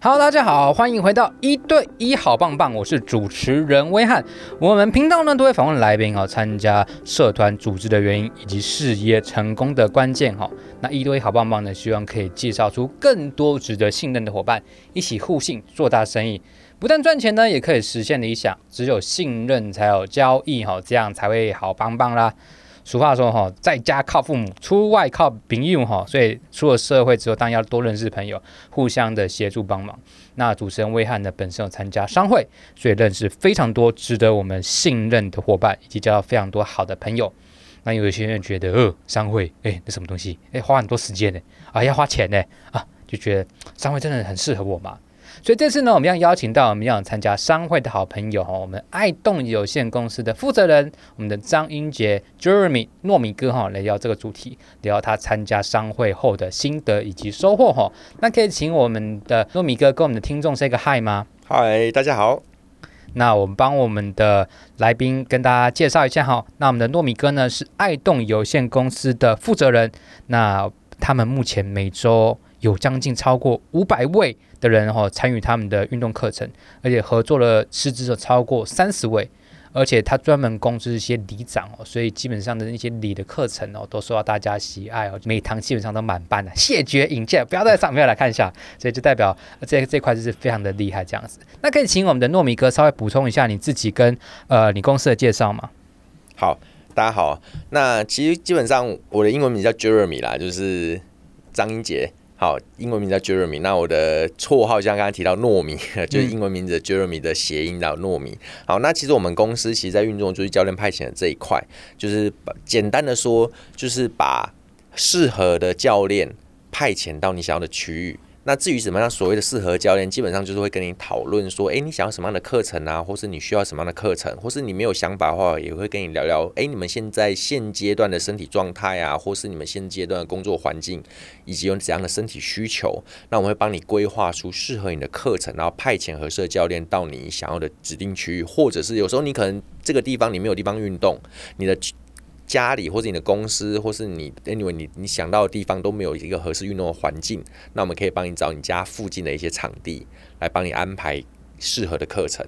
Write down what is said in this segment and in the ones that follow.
哈囉，大家好，歡迎回到一對一好棒棒，我是主持人威翰。我們頻道呢都會訪問來賓啊、哦，參加社團組織的原因以及事業成功的關鍵哈、哦。那一對一好棒棒呢，希望可以介紹出更多值得信任的夥伴，一起互信做大生意，不但賺錢呢，也可以實現理想。只有信任才有交易哈、哦，這樣才會好棒棒啦。俗話說哈，在家靠父母，出外靠朋友哈。所以出了社會之後，當然要多認識朋友，互相的協助幫忙。那主持人威漢呢，本身有參加商會，所以認識非常多值得我們信任的伙伴，以及交到非常多好的朋友。那有些人覺得呃，商會欸，那什麼東西欸，花很多時間欸啊，要花錢欸啊，就覺得商會真的很適合我嘛。所以這次呢，我們要邀請到我們要參加商會的好朋友哈，我們愛動有限公司的負責人，我們的張英杰 （Jeremy） 糯米哥哈，來聊這個主題，聊他參加商會後的心得以及收穫哈。那可以請我們的糯米哥跟我們的聽眾 say 個嗨嗎？嗨，大家好。那我們幫我們的來賓跟大家介紹一下哈。那我們的糯米哥呢是愛動有限公司的負責人，那他們目前每周有將近超過五百位。的人哈、哦、參與他們的運動課程，而且合作了師資有超過三十位，而且他專門供職一些里長哦，所以基本上的一些里的課程哦都受到大家喜愛哦，每一堂基本上都滿班的，謝絕引薦，不要再上要來看一下、嗯，所以就代表這這塊就是非常的厲害這樣子。那可以請我們的糯米哥稍微補充一下你自己跟呃你公司的介紹嗎？好，大家好，那其實基本上我的英文名叫 Jeremy 啦，就是張英杰。好，英文名叫 Jeremy。那我的綽號像剛剛提到糯米，就是英文名字的 Jeremy 的諧音，叫、嗯、糯米。好，那其實我們公司其實，在運動就是教練派遣的這一塊，就是簡單的說，就是把適合的教練派遣到你想要的區域。那至於什麼樣所謂的適合教練，基本上就是會跟你討論說，誒、欸，你想要什麼樣的課程啊，或是你需要什麼樣的課程，或是你沒有想法的話，也會跟你聊聊，誒、欸，你們現在現階段的身體狀態啊，或是你們現階段的工作環境，以及有怎樣的身體需求，那我們會幫你規劃出適合你的課程，然後派遣合適的教練到你想要的指定區域，或者是有時候你可能這個地方你沒有地方運動，你的。家裡或者你的公司，或是你 anyway 你，你想到的地方都沒有一個合適運動的環境，那我們可以幫你找你家附近的一些場地來幫你安排適合的課程。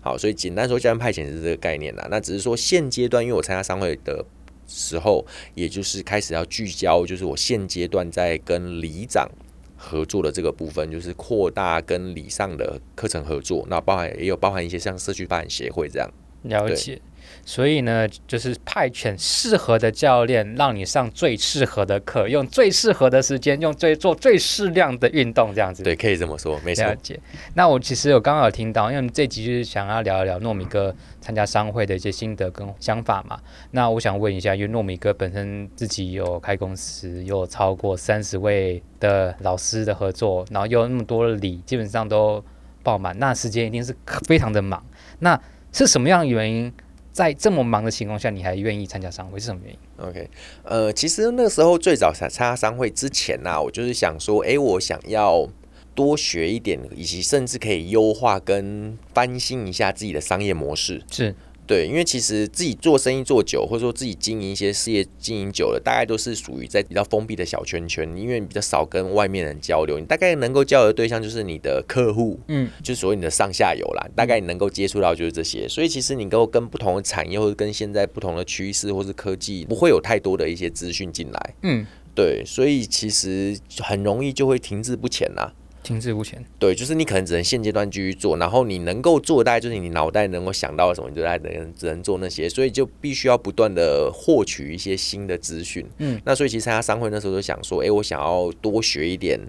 好，所以簡單說，教練派遣是這個概念啦。那只是說現階段，因為我參加商會的時候，也就是開始要聚焦，就是我現階段在跟里長合作的這個部分，就是擴大跟里上的課程合作，那包含也有包含一些像社區發展協會這樣。了解。所以呢，就是派遣適合的教練，讓你上最適合的課，用最適合的時間，用最做最適量的運動，這樣子。對，可以這麼說，沒錯。了解。那我其實有剛剛有聽到，因為這集就是想要聊一聊糯米哥參加商會的一些心得跟想法嘛。嗯。那我想問一下，因為糯米哥本身自己有開公司，有超過三十位的老師的合作，然後又有那麼多禮，基本上都爆滿，那時間一定是非常的忙。那是什麼樣的原因？在這麼忙的情況下，你還願意參加商會是什麼原因？OK，呃，其實那時候最早參加商會之前啊，我就是想說，誒、欸，我想要多學一點，以及甚至可以優化跟翻新一下自己的商業模式。是。對，因為其實自己做生意做久，或者說自己經營一些事業經營久了，大概都是屬於在比較封閉的小圈圈，因為你比較少跟外面人交流，你大概能夠交流的對象就是你的客戶，嗯，就是所謂你的上下游啦，嗯，大概你能夠接觸到就是這些，所以其實你跟跟不同的產業或者跟現在不同的趨勢或是科技，不會有太多的一些資訊進來，嗯，對，所以其實很容易就會停滯不前吶。停滯不前，對，就是你可能只能現階段繼續做，然後你能夠做，大概就是你腦袋能夠想到的什麼，你就來，能只能做那些，所以就必須要不斷的獲取一些新的資訊。嗯，那所以其實參加商會那時候就想說，哎、欸，我想要多學一點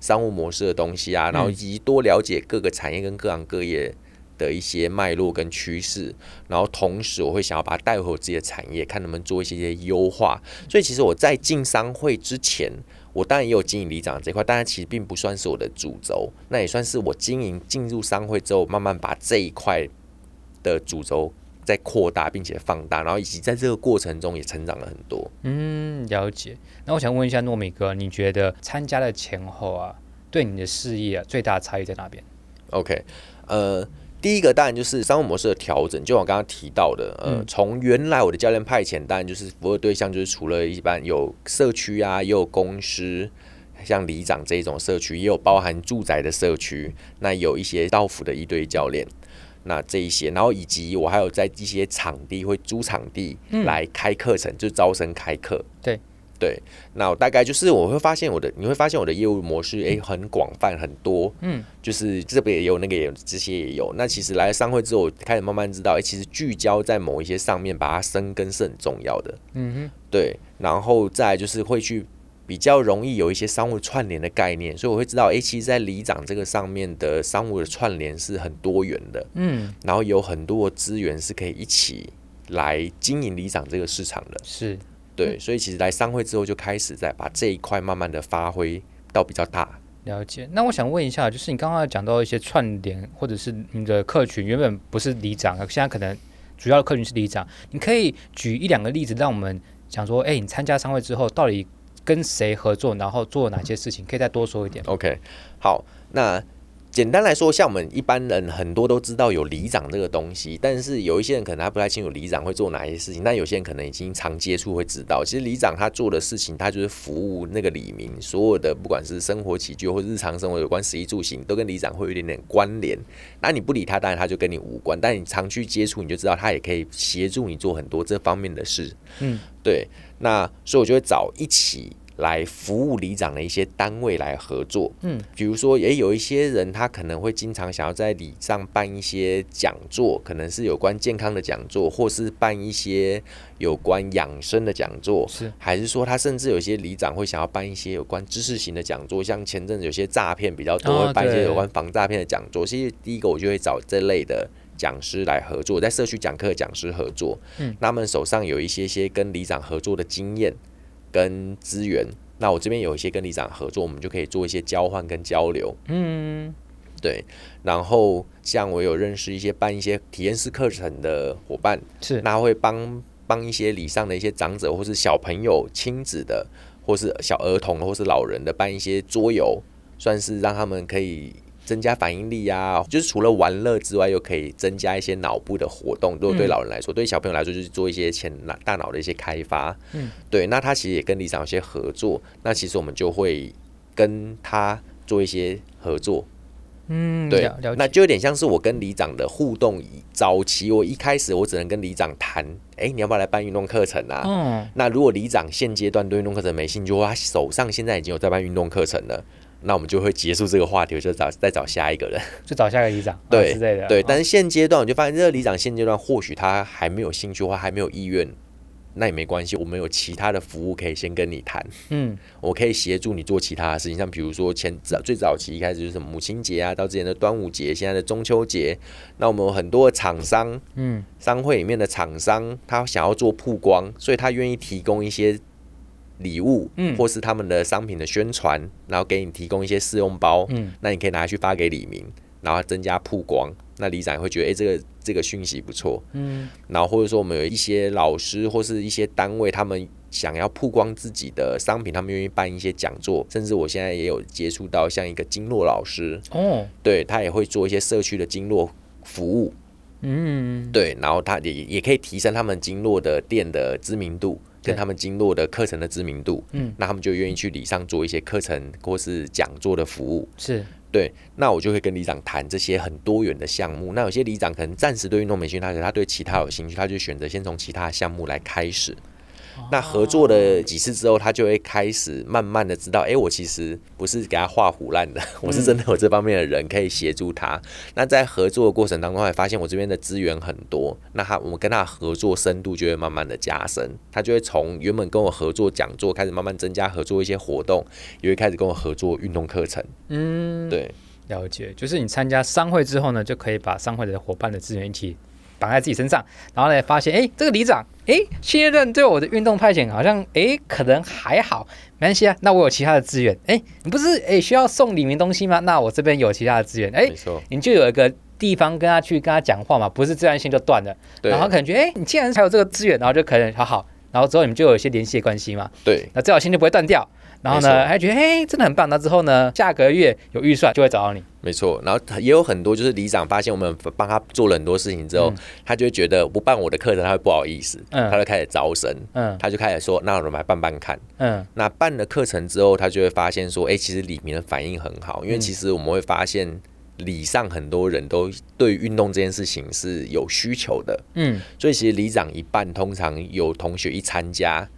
商務模式的東西啊，然後以及多了解各個產業跟各行各業。嗯的一些脈絡跟趨勢，然後同時我會想要把它帶回我自己的產業，看能不能做一些一些優化。所以其實我在進商會之前，我當然也有經營里長這塊，當然其實並不算是我的主軸。那也算是我經營進入商會之後，慢慢把這一塊的主軸在擴大，並且放大，然後以及在這個過程中也成長了很多。嗯，了解。那我想問一下糯米哥，你覺得參加的前後啊，對你的事業啊，最大的差異在哪邊？OK，呃。第一個當然就是商務模式的調整，就我剛剛提到的，呃，從原來我的教練派遣，當然就是服務對象就是除了一般有社區啊，也有公司，像里長這種社區，也有包含住宅的社區，那有一些到府的一對教練，那這一些，然後以及我還有在一些場地會租場地來開課程，嗯、就招生開課，對。對，那我大概就是我會發現我的，你會發現我的業務模式，哎、欸，很廣泛很多，嗯，就是這邊也有，那個也有，這些也有。那其實來了商會之後，我開始慢慢知道，哎、欸，其實聚焦在某一些上面，把它深耕是很重要的，嗯哼，對。然後再就是會去比較容易有一些商務串聯的概念，所以我會知道，哎、欸，其實在里長這個上面的商務的串聯是很多元的，嗯，然後有很多資源是可以一起來經營里長這個市場的，是。對，所以其實來商會之後，就開始在把這一塊慢慢的發揮到比較大。了解。那我想問一下，就是你剛剛有講到一些串聯，或者是你的客群原本不是里長，現在可能主要的客群是里長。你可以舉一兩個例子，讓我們想說，哎、欸，你參加商會之後，到底跟誰合作，然後做了哪些事情？可以再多說一點。OK，好，那。簡單來說，像我們一般人很多都知道有里長這個東西，但是有一些人可能還不太清楚里長會做哪些事情。那有些人可能已經常接觸會知道，其實里長他做的事情，他就是服務那個里民，所有的不管是生活起居或日常生活有關食衣住行，都跟里長會有一點點關聯。那你不理他，當然他就跟你無關；但你常去接觸，你就知道他也可以協助你做很多這方面的事。嗯，對。那所以我就會找一起。來服務里長的一些單位來合作，嗯，比如說也有一些人，他可能會經常想要在里上辦一些講座，可能是有關健康的講座，或是辦一些有關養生的講座，是還是說他甚至有些里長會想要辦一些有關知識型的講座，像前陣子有些詐騙比較多，辦一些有關防詐騙的講座。其實，哦，第一個我就會找這類的講師來合作，在社區講課的講師合作，嗯，那他們手上有一些些跟里長合作的經驗。跟資源，那我這邊有一些跟里長合作，我們就可以做一些交換跟交流。嗯，對。然後像我有認識一些辦一些體驗式課程的夥伴，是那會幫幫一些里上的一些長者，或是小朋友、親子的，或是小兒童，或是老人的辦一些桌遊，算是讓他們可以。增加反應力啊，就是除了玩樂之外，又可以增加一些腦部的活動。如、嗯、果對，對老人來說，對小朋友來說，就是做一些前腦、大腦的一些開發。嗯，對。那他其實也跟里長有些合作，那其實我們就會跟他做一些合作。嗯，對。那就有點像是我跟里長的互動。早期我一開始我只能跟里長談，哎，你要不要來辦運動課程啊？嗯。那如果里長現階段對運動課程沒興趣，他手上現在已經有在辦運動課程了。那我們就會結束這個話題，就找再找下一個人，就找下一個里長， 對之類、哦、的。對、嗯，但是現階段我就發現，這個里長現階段或許他還沒有興趣，或還沒有意願，那也沒關係。我們有其他的服務可以先跟你談，嗯，我可以協助你做其他的事情，像比如說前早最早期一開始就是什麼母親節啊，到之前的端午節，現在的中秋節，那我們有很多的廠商，嗯，商會裡面的廠商他想要做曝光，所以他願意提供一些禮物，嗯，或是他們的商品的宣傳，嗯，然後給你提供一些試用包，嗯，那你可以拿去發給里民，然後增加曝光。那里長也會覺得，哎，欸，這個這個訊息不錯，嗯，然後或者說我們有一些老師或是一些單位，他們想要曝光自己的商品，他們願意辦一些講座，甚至我現在也有接觸到像一個經絡老師，哦，對他也會做一些社區的經絡服務，嗯，嗯，對，然後他也也可以提升他們經絡的店的知名度，跟他們經絡的課程的知名度，嗯，那他們就願意去里上做一些課程或是講座的服務，是，對，那我就會跟里長談這些很多元的項目。那有些里長可能暫時對運動美學大學，他對其他有興趣，他就選擇先從其他項目來開始。那合作了幾次之後，他就會開始慢慢的知道，哎、欸，我其實不是給他畫唬爛的，我是真的有這方面的人、嗯、可以協助他。那在合作的過程當中，也發現我這邊的資源很多。那他，我跟他合作深度就會慢慢的加深，他就會從原本跟我合作講座開始，慢慢增加合作一些活動，也會開始跟我合作運動課程。嗯，對，了解，就是你參加商會之後呢，就可以把商會的夥伴的資源一起綁在自己身上，然後呢，發現，哎、欸，這個里長。哎、欸，現階段對我的運動派遣好像誒、欸、可能還好，沒關係啊。那我有其他的資源。哎、欸，你不是誒、欸、需要送李明東西嗎？那我這邊有其他的資源。哎、欸，沒錯。你就有一個地方跟他去跟他講話嘛，不是自然線就斷了。對。然後感覺哎、欸，你既然才有這個資源，然後就可能好好，然後之後你們就有一些聯繫關係嘛。對。那這條線就不會斷掉。然後呢，還覺得嘿，真的很棒。那之後呢，下個月有預算就會找到你。沒錯，然後也有很多就是里長發現我們幫他做了很多事情之後，嗯、他就會覺得不辦我的課程他會不好意思，嗯、他就開始招生、嗯，他就開始說那我們來辦辦看，嗯、那辦了課程之後，他就會發現說，哎、欸，其實里民的反應很好，因為其實我們會發現里上很多人都對運動這件事情是有需求的，嗯，所以其實里長一辦，通常有同學一參加。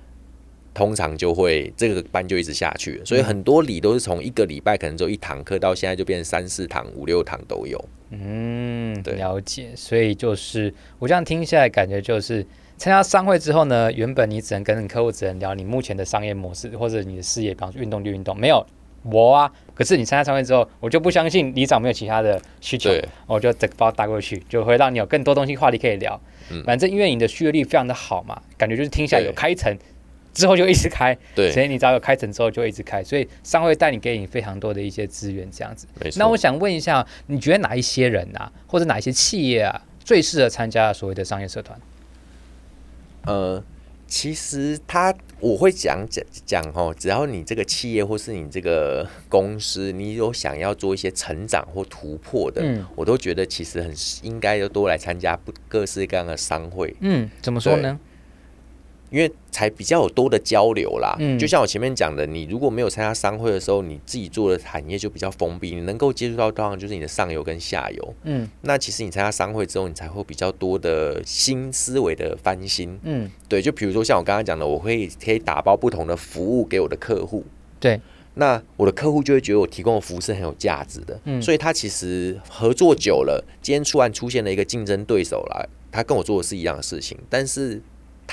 通常就會，這個班就一直下去，所以很多禮都是從一個禮拜可能只有一堂課，到現在就變成三四堂，五六堂都有。嗯，對了解。所以就是我這樣聽下來，感覺就是參加商會之後呢，原本你只能跟客戶只能聊你目前的商業模式或者你的事業，比方說運動就運動沒有我啊。可是你參加商會之後，我就不相信你找沒有其他的需求，我就得包打過去，就會讓你有更多東西話題可以聊。嗯、反正因為你的續約率非常的好嘛，感覺就是聽下來有開成。之後就一直開，所以你只要有開成之後就一直開，所以商會帶你給你非常多的一些資源，這樣子。那我想問一下，你覺得哪一些人啊，或者哪一些企業啊，最適合參加所謂的商業社團？呃，其實他我會講講講哦，只要你這個企業或是你這個公司，你有想要做一些成長或突破的，嗯，我都覺得其實很應該要多來參加不各式各樣的商會。嗯，怎麼說呢？因為才比較有多的交流啦，嗯，就像我前面講的，你如果沒有參加商會的時候，你自己做的產業就比較封閉，你能夠接觸到當然就是你的上游跟下游，嗯，那其實你參加商會之後，你才會比較多的新思維的翻新，嗯，對，就比如說像我剛剛講的，我可以，可以打包不同的服務給我的客戶，對，那我的客戶就會覺得我提供的服務是很有價值的，嗯，所以他其實合作久了，今天突然出現了一個競爭對手來，他跟我做的是一樣的事情，但是，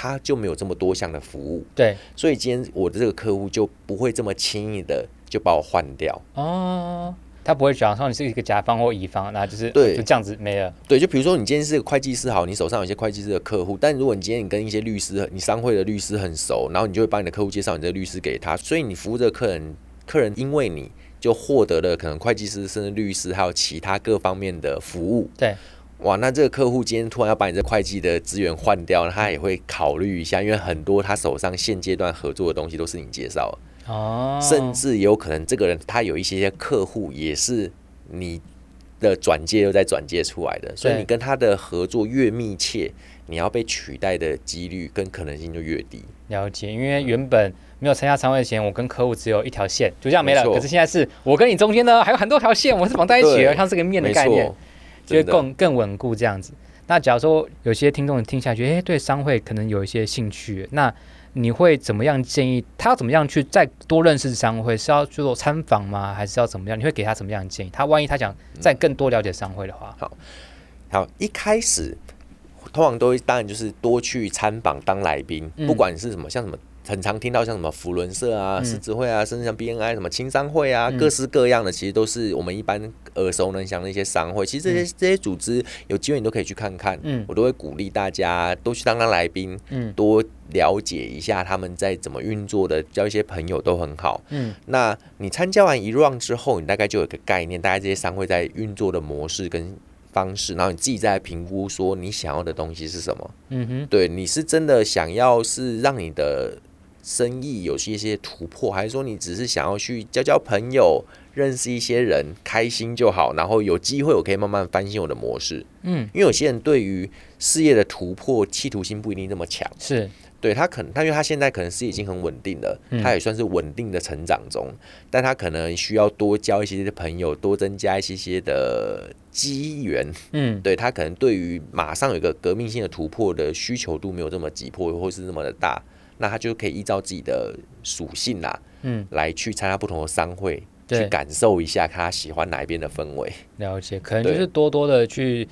他就沒有這麼多項的服務，對，所以今天我的這個客戶就不會這麼輕易的就把我換掉哦。他不會講說你是一個甲方或乙方，那就是對，就這樣子沒了。對，就比如說你今天是個會計師好，你手上有一些會計師的客戶，但如果你今天你跟一些律師，你商會的律師很熟，然後你就會把你的客戶介紹你的律師給他，所以你服務這個客人，客人因為你就獲得了可能會計師甚至律師還有其他各方面的服務，對。哇，那這個客戶今天突然要把你這會計的資源換掉，他也會考慮一下，因為很多他手上現階段合作的東西都是你介紹的哦，甚至有可能這個人他有一些些客戶也是你的轉介又在轉介出來的，所以你跟他的合作越密切，你要被取代的幾率跟可能性就越低。了解，因為原本沒有參加商會前，我跟客戶只有一條線，就這樣沒了。沒可是現在是我跟你中間呢，還有很多條線，我們是綁在一起的，像這個面的概念。就更更穩固這樣子。那假如說有些聽眾聽下去，誒、欸，對商會可能有一些興趣，那你會怎麼樣建議他要怎麼樣去再多認識商會？是要去做參訪嗎？還是要怎麼樣？你會給他什麼樣的建議？他萬一他想再更多了解商會的話，嗯、好，好，一開始通常都會當然就是多去參訪當來賓、嗯，不管你是什麼像什麼。很常聽到像什麼扶輪社啊、獅子會啊，甚至像 BNI 什麼青商會啊、嗯，各式各樣的，其實都是我們一般耳熟能詳的一些商會。其實這些這些組織有機會你都可以去看看，嗯，我都會鼓勵大家都去當當來賓，嗯，多了解一下他們在怎麼運作的，交一些朋友都很好，嗯。那你參加完一 round 之後，你大概就有一個概念，大概這些商會在運作的模式跟方式，然後你自己再評估說你想要的東西是什麼，嗯哼，對，你是真的想要是讓你的。生意有些些突破，還是說你只是想要去交交朋友，認識一些人，開心就好。然後有機會，我可以慢慢翻新我的模式。嗯，因為有些人對於事業的突破企圖心不一定那麼強，是對他可能他因為他現在可能事業已經很穩定了，他也算是穩定的成長中。嗯，但他可能需要多交一些的朋友，多增加一些些的機緣。嗯，對他可能對於馬上有一個革命性的突破的需求度沒有這麼急迫，或是那麼的大。那他就可以依照自己的屬性啦、啊，嗯，來去參加不同的商會，對，去感受一下，他喜歡哪一邊的氛圍。了解，可能就是多多的去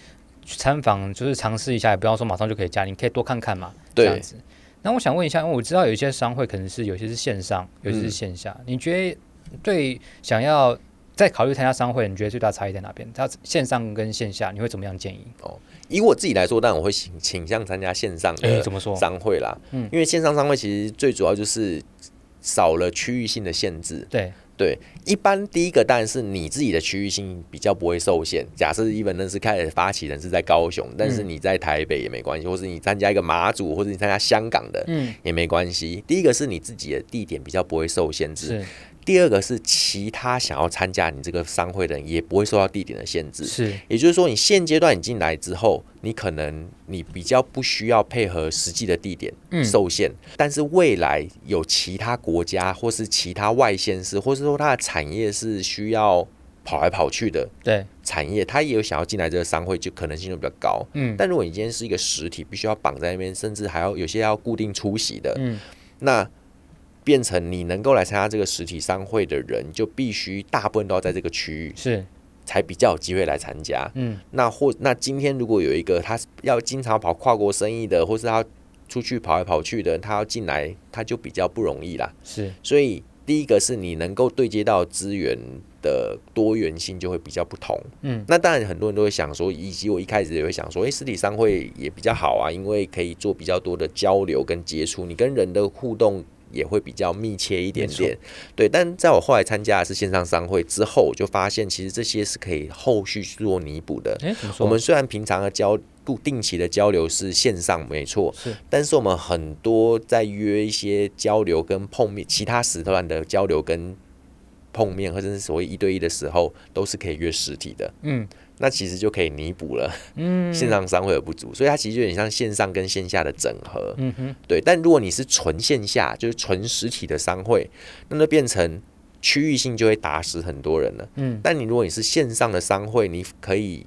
去參訪，就是嘗試一下，也不要說馬上就可以加，你可以多看看嘛，對，這樣子。那我想問一下，因為我知道有一些商會可能是有些是線上，有些是線下，嗯，你覺得對想要再考慮參加商會，你覺得最大差異在哪邊？它線上跟線下，你會怎麼樣建議？哦。以我自己來說，但我會傾向參加線上的商會啦、嗯嗯。因為線上商會其實最主要就是少了區域性的限制。對對，一般第一個當然是你自己的區域性比較不會受限。假設一本那是開始發起人是在高雄，但是你在台北也沒關係，或是你參加一個馬祖，或者你參加香港的，嗯，也沒關係、嗯。第一個是你自己的地點比較不會受限制。第二個是其他想要參加你這個商會的人也不會受到地點的限制，是，也就是說你現階段你進來之後，你可能你比較不需要配合實際的地點受限，但是未來有其他國家或是其他外縣市，或是說它的產業是需要跑來跑去的，對，產業他也有想要進來這個商會，就可能性就比較高，嗯，但如果你今天是一個實體，必須要綁在那邊，甚至還要有有些要固定出席的，嗯，那。變成你能夠來參加這個實體商會的人，就必須大部分都要在這個區域，是才比較有機會來參加。嗯，那或那今天如果有一個他要經常跑跨國生意的，或是他出去跑來跑去的，他要進來他就比較不容易啦。是，所以第一個是你能夠對接到資源的多元性就會比較不同。嗯，那當然很多人都會想說，以及我一開始也會想說，哎、欸，實體商會也比較好啊，因為可以做比較多的交流跟接觸，你跟人的互動。也會比較密切一點點，對。但在我後來參加的是線上商會之後，我就發現其實這些是可以後續去做彌補的、欸。我們雖然平常的交固定期的交流是線上，沒錯，是。但是我們很多在約一些交流跟碰面，其他時段的交流跟碰面，或者是所謂一對一的時候，都是可以約實體的。嗯。那其實就可以彌補了，嗯，線上商會的不足，所以它其實有點像線上跟線下的整合。嗯哼，對。但如果你是純線下，就是純實體的商會，那麼變成區域性就會打死很多人了。嗯，但你如果你是線上的商會，你可以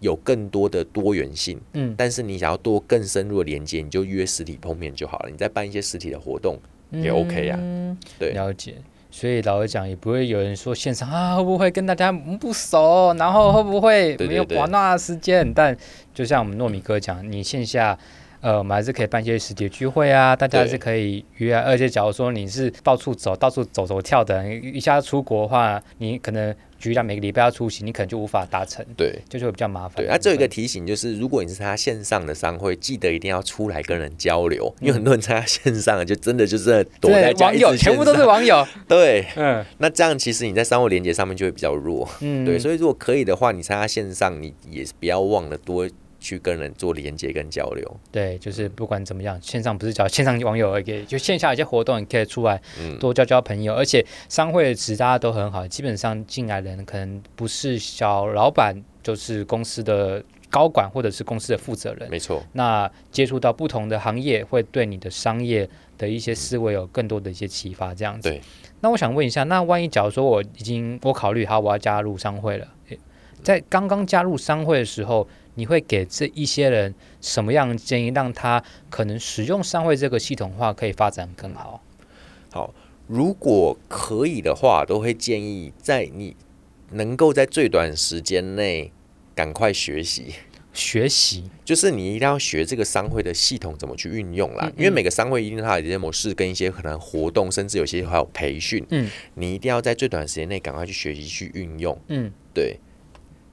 有更多的多元性。嗯，但是你想要多更深入的連接，你就約實體碰面就好了。你再辦一些實體的活動也 OK 啊，對、嗯，了解。所以老實講，也不會有人說線上啊會不會跟大家不熟，然後會不會沒有玩那時間、嗯。但就像我們糯米哥講，你線下，呃，我們還是可以辦一些實體聚會啊，大家還是可以約啊。而且假如說你是到處走、到處走走跳的，一下出國的話，你可能。舉例，每個禮拜要出席，你可能就無法達成，對，就是比較麻煩。那這、啊、有一個提醒，就是如果你是他線上的商會，記得一定要出來跟人交流，嗯、因為很多人在他線上就真的就是在躲在家，對，網友全部都是網友，對，嗯，那這樣其實你在商務連接上面就會比較弱，嗯，對，所以如果可以的話，你在他線上，你也是不要忘了多。去跟人做連接跟交流，對，就是不管怎麼樣，線上不是交線上網友也可以，就線下一些活動你可以出來多交交朋友，嗯、而且商會的質，大家都很好，基本上進來的人可能不是小老闆，就是公司的高管或者是公司的負責人，沒錯。那接觸到不同的行業，會對你的商業的一些思維有更多的一些啟發，這樣子、嗯。那我想問一下，那萬一假如說我已經我考慮好我要加入商會了，欸、在剛剛加入商會的時候。你會給這一些人什麼樣的建議，讓他可能使用商會這個系統化可以發展更好？好，如果可以的話，都會建議在你能夠在最短時間內趕快學習。學習就是你一定要學這個商會的系統怎麼去運用啦，嗯嗯，因為每個商會一定它有一些模式跟一些可能活動，甚至有些還有培訓，嗯，你一定要在最短時間內趕快去學習去運用，嗯，對。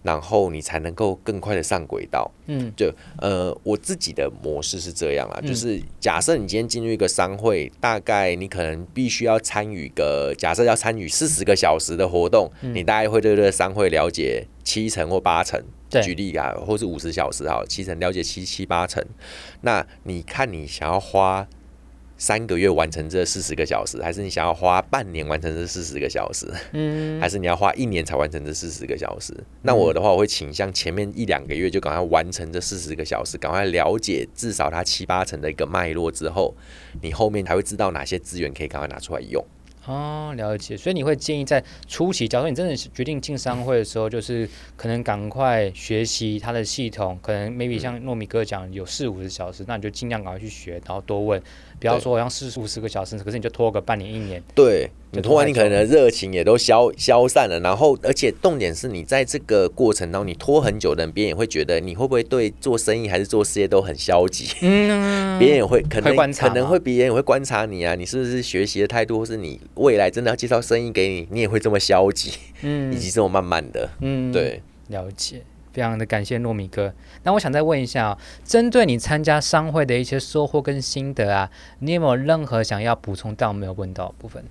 然後你才能夠更快的上軌道，嗯，就呃，我自己的模式是這樣啊。就是假設你今天進入一個商會，大概你可能必須要參與個，假設要參與四十個小時的活動，你大概會對這個商會了解七成或八成，舉例啊，或是五十小時哈，七成了解七七八成，那你看你想要花，三個月完成這四十個小時，還是你想要花半年完成這四十個小時？嗯，還是你要花一年才完成這四十個小時、嗯？那我的話，我會傾向前面一兩個月就趕快完成這四十個小時，趕快了解至少它七八成的一個脈絡之後，你後面才會知道哪些資源可以趕快拿出來用。哦，了解。所以你會建議在初期，假如你真的決定進商會的時候，嗯、就是可能趕快學習它的系統，可能 maybe 像糯米哥講有四五十小時、嗯，那你就儘量趕快去學，然後多問。比方說好像四十五十個小時，可是你就拖個半年一年，對拖你拖完你可能熱情也都消消散了。然後，而且重點是你在這個過程當中，你拖很久的人，別人也會覺得你會不會對做生意還是做事業都很消極。嗯，別人也會可能會觀察可能會別人也會觀察你啊，你是不是學習的態度，或是你未來真的要介紹生意給你，你也會這麼消極，嗯，以及這麼慢慢的，嗯，對，了解。非常的感謝糯米哥，那我想再問一下哦，針對你參加商會的一些收穫跟心得啊，你有沒有任何想要補充但我沒有問到部分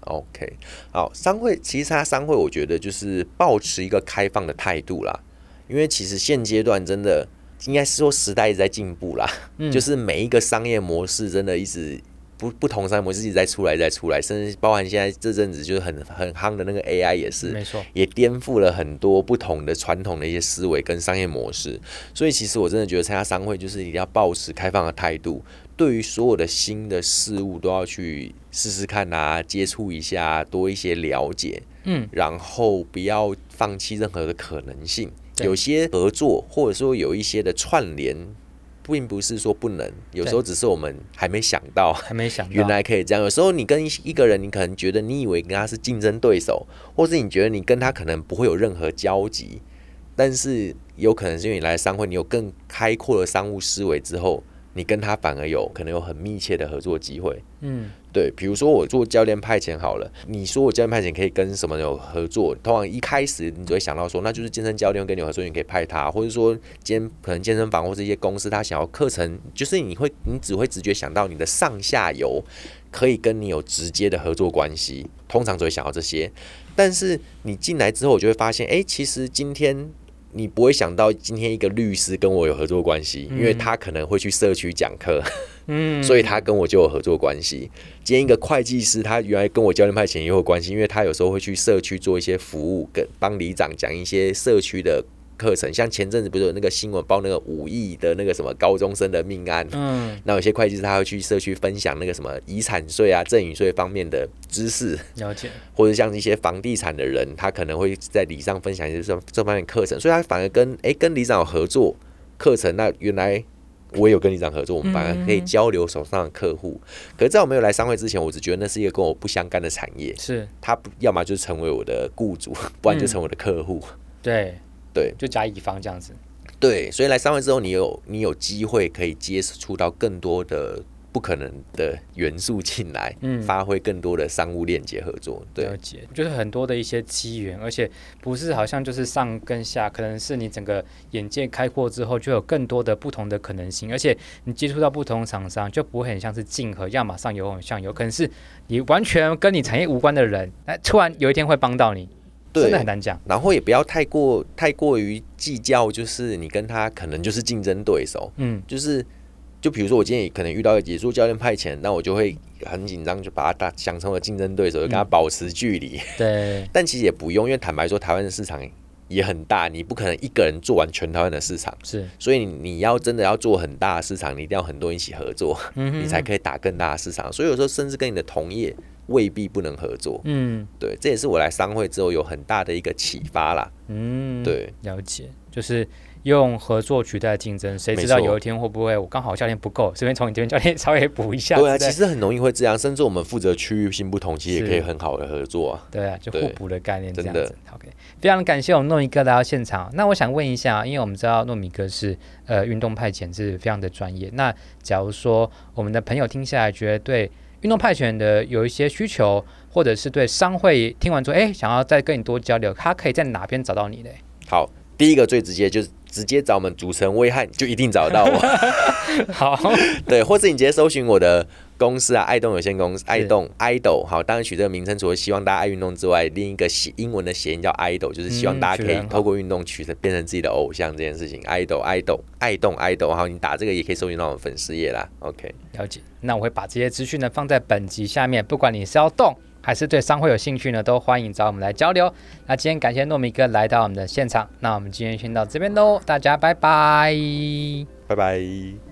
？OK，好，商會其實他商會，我覺得就是抱持一個開放的態度啦，因為其實現階段真的應該是說時代一直在進步啦、嗯，就是每一個商業模式真的一直。不不同商業模式一直在出來，在出來，甚至包含現在這陣子就是很很夯的那個 AI 也是，沒錯，也顛覆了很多不同的傳統的一些思維跟商業模式。所以其實我真的覺得參加商會就是一定要保持開放的態度，對於所有的新的事物都要去試試看啊，接觸一下，多一些了解，嗯，然後不要放棄任何的可能性。有些合作，或者說有一些的串聯。並不是說不能，有時候只是我們還沒想到，還沒想原來可以這樣。有時候你跟一個人，你可能覺得你以為跟他是競爭對手，或是你覺得你跟他可能不會有任何交集，但是有可能是因為你來商會，你有更開闊的商務思維之後，你跟他反而有可能有很密切的合作機會。嗯。對，比如說我做教練派遣好了，你說我教練派遣可以跟什麼有合作？通常一開始你就會想到說，那就是健身教練跟你合作，你可以派他，或者說，今天可能健身房或這些公司他想要課程，就是你會，你只會直覺想到你的上下游可以跟你有直接的合作關係，通常只會想到這些。但是你進來之後，我就會發現，哎、欸，其實今天你不會想到今天一個律師跟我有合作關係、嗯，因為他可能會去社區講課。嗯，所以他跟我就有合作關係。今天一個會計師，他原來跟我教練派遣也有關係，因為他有時候會去社區做一些服務，跟幫里長講一些社區的課程。像前陣子不是有那個新聞報那個五億的那個什麼高中生的命案，嗯，那有些會計師他會去社區分享那個什麼遺產稅啊、贈與稅方面的知識，了解。或者像一些房地產的人，他可能會在禮上分享一些這這方面課程，所以他反而跟哎跟里長有合作課程，那原來。我有跟你講，合作，我們反而可以交流手上的客戶，嗯。可是在我沒有來商會之前，我只覺得那是一個跟我不相干的產業。是他，要麼就是、嗯、就成為我的雇主，不然就成為我的客戶。對對，就甲乙方這樣子。對，所以來商會之後你，你有你有機會可以接觸到更多的。不可能的元素進來，嗯，發揮更多的商務鏈接合作，對了解，就是很多的一些機緣，而且不是好像就是上跟下，可能是你整個眼界開闊之後，就有更多的不同的可能性，而且你接觸到不同廠商，就不會很像是競合亞馬遜有很像，有可能是你完全跟你產業無關的人，那突然有一天會幫到你，對，真的很難講。然後也不要太過太過於計較，就是你跟他可能就是競爭對手，嗯，就是。就比如說，我今天也可能遇到野豬教練派遣，那我就會很緊張，就把他打想成為競爭對手，就跟他保持距離，嗯。對，但其實也不用，因為坦白說，台灣的市場也很大，你不可能一個人做完全台灣的市場。是，所以你要真的要做很大的市場，你一定要很多人一起合作，嗯，你才可以打更大的市場。所以有時候甚至跟你的同業未必不能合作。嗯，對，這也是我來商會之後有很大的一個啟發啦。嗯，對，了解，就是。用合作取代競爭，誰知道有一天會不會我剛好教練不夠，隨便從你這邊教練稍微補一下。對啊，其實很容易會這樣，甚至我們負責區域性不同期也可以很好的合作啊。對啊，就互補的概念這樣子，真的。OK，非常感謝我們糯米哥來到現場。那我想問一下，因為我們知道糯米哥是呃運動派遣是非常的專業。那假如說我們的朋友聽下來覺得對運動派遣的有一些需求，或者是對商會聽完之後誒、欸，想要再跟你多交流，他可以在哪邊找到你呢？好，第一個最直接就是。直接找我們主持人威漢就一定找到我。 好， 對，或者你直接搜尋我的公司啊，愛動有限公司，愛動 idol。idol, 好，當然取這個名稱，除了希望大家愛運動之外，另一個寫英文的諧音叫 idol，就是希望大家可以透過運動取成變成自己的偶像這件事情。idol idol 愛動 idol，好，你打這個也可以搜尋到我們粉絲頁啦。OK，了解。那我會把這些資訊呢放在本集下面，不管你是要動。還是對商會有興趣呢，都歡迎找我們來交流。那今天感謝糯米哥來到我們的現場，那我們今天先到這邊嘍，大家拜拜，拜拜。